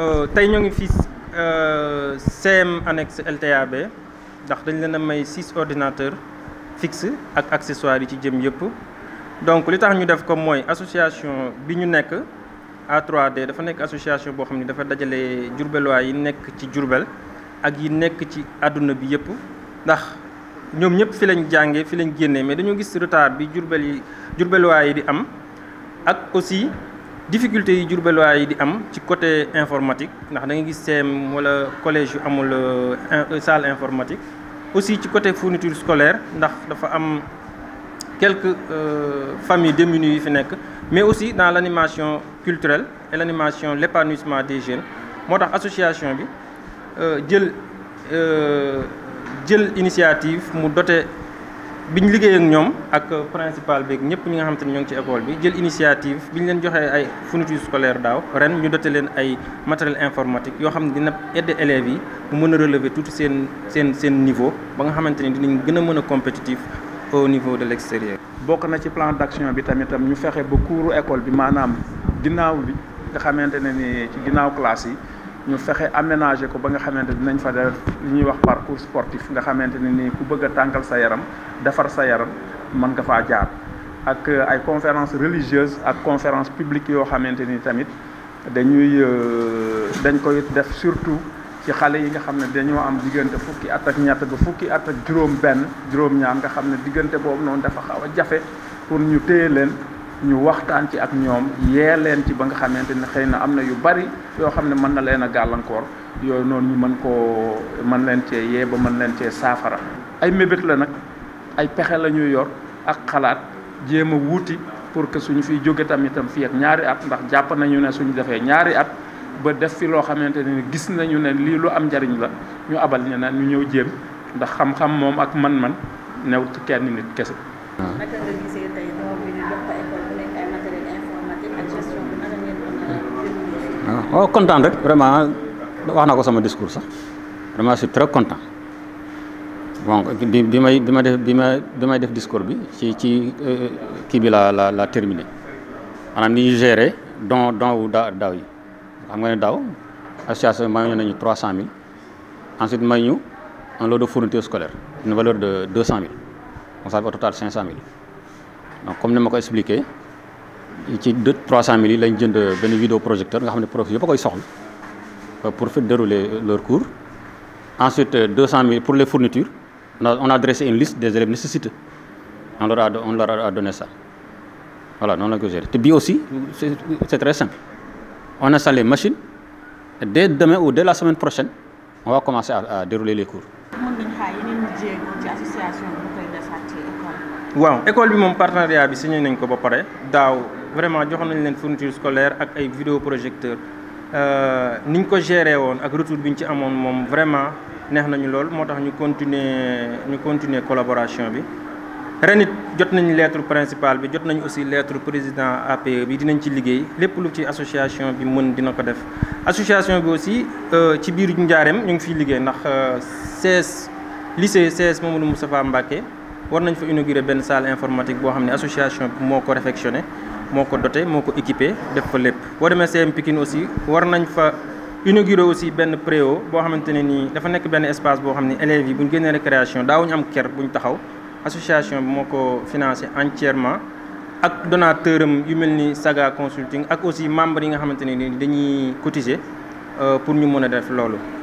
Euh, tey ñoo ngi fii euh, CM annexe LTAB ndax dañu leen a may six ordinateur fixes ak accessoires yi ci jëm yëpp donc li tax ñu def ko mooy association bi ñu nekk a 3 dafa nekk association boo xam ne dafa dajale jurbeluwaay yi nekk ci jurbel ak yi nekk ci àdduna bi yëpp ndax ñoom ñëpp fi lañ jàngee fi lañ génnee mais dañoo gis retard bi jurbel yi jurbeluwaay yi di am ak aussi difficulté yi jurbeluwaay yi di am ci côté informatique ndax danga gis CM wala collège yu amul euh, salle informatique aussi ci côté fourniture scolaire ndax dafa am quelques euh, familles démunies yi fi nekk mais aussi dans l' animation culturelle et l' animation des jeunes moo tax association bi euh, jël jël initiative mu dote biñ liggéey ak ñoom ak principal beeg ñëpp ñi nga xam te ñoo ngi ci école bi jël initiative biñ leen joxee ay fournitures scolaires daaw ren ñu dote leen ay matériel informatique yoo xam ne dina aider élèves yi mu mën a relever tuuti seen seen seen niveau ba nga xamante ni dinañ gën a mën a compétitif au niveau de l'extérieur. bokk na ci plan action bi tamitam ñu fexe ba kuuru école bi maanaam ginnaaw bi nga xamante ne ni ci ginnaaw classe yi. ñu fexe aménagé ko ba nga xamante dinañ fa def li ñuy wax parcours sportif nga xamante ne nii ku bëgg a tàngal sa yaram defar sa yaram mën nga faa jaar ak euh, ay conférence religieuse ak conférence publique yoo xamante ni tamit dañuy euh, dañ koy def surtout ci xale yi nga xam ne dañoo am diggante fukki at ak ñett ba fukki at ak juróom benn juróom ñaar nga xam ne diggante boobu noonu dafa xaw a jafe pour ñu téye leen ñu waxtaan ci ak ñoom yee leen ci ba nga xamante ne xëy na am na yu bari yoo xam ne mën na leen a gàllankoor yooyu noonu ñu mën koo mën leen cee yee ba mën leen cee saafara. ay mébét la nag ay pexe la ñuy yor ak xalaat jéem a wuuti pour que su ñu fiy jóge tamitam fii ak ñaari at ndax jàpp nañu ne suñu defee ñaari at ba def fi loo xamante ne gis nañu ne lii lu am njariñ la ñu abal ñu naan ñu ñëw jéem ndax xam-xam moom ak man-man new kenn nit kese. Ah, waaw kontaan rek vraiment wax na ko sama discours sax vraiment je suis très content bon bi may bi def bi ma bi may def discours bi ci ci euh, kii bi la la la terminé maanaam ni ñu don don wu daa daw yi xam nga ne daw association bi mayoon nañu trois cent mille ensuite may ñu un lot de fourniture scolaire une valeur de deux cent mille on savait au total cinq comme ni ma ko expliqué ci deux trois cent mille yi lañ jënd benn vidéo projecteur nga xam ne prof yëpp koy soxla pour faire dérouler leur cours ensuite deux cent mille pour les fournitures on a on a dressé une liste des élèves nécessités on leur a on leur a la ñu ko gérer te bii aussi c'est c'est très simple on installe les machines dès demain ou dès la semaine prochaine on va commencer à, dérouler les cours. waaw école bi moom partenariat bi signé nañ ko vraiment joxoon nañ leen fourniture scolaire ak ay vidéo projecteur euh, ni ñu ko géré woon ak retour bi ñu ci amoon moom vraiment neex nañu lool moo tax ñu continuer ñu continuer collaboration bi ren nit jot nañu lettre principale bi jot nañu aussi lettre président APE bi dinañ ci liggéey lépp lu ci association bi mën dina ko def association bi aussi euh, ci biir njaareem ñu ngi fiy liggéey ndax euh, CES lycée CES Mamadou Moustapha Mbacké war nañ fa inaugurer benn salle informatique boo xam ne association bi moo ko réfectionné moo ko doté moo ko équipé def fa lépp boo demee CM Pikine aussi war nañ fa inauguré aussi benn préau boo xamante ne nii dafa nekk benn espace boo xam ne élèves yi bu ñu génnee récréation daawuñu am ker bu ñu taxaw association bi moo ko financé entièrement ak donateur am yu mel ni Saga Consulting ak aussi membre yi nga xamante ne ni dañuy cotiser euh, pour ñu mën a def loolu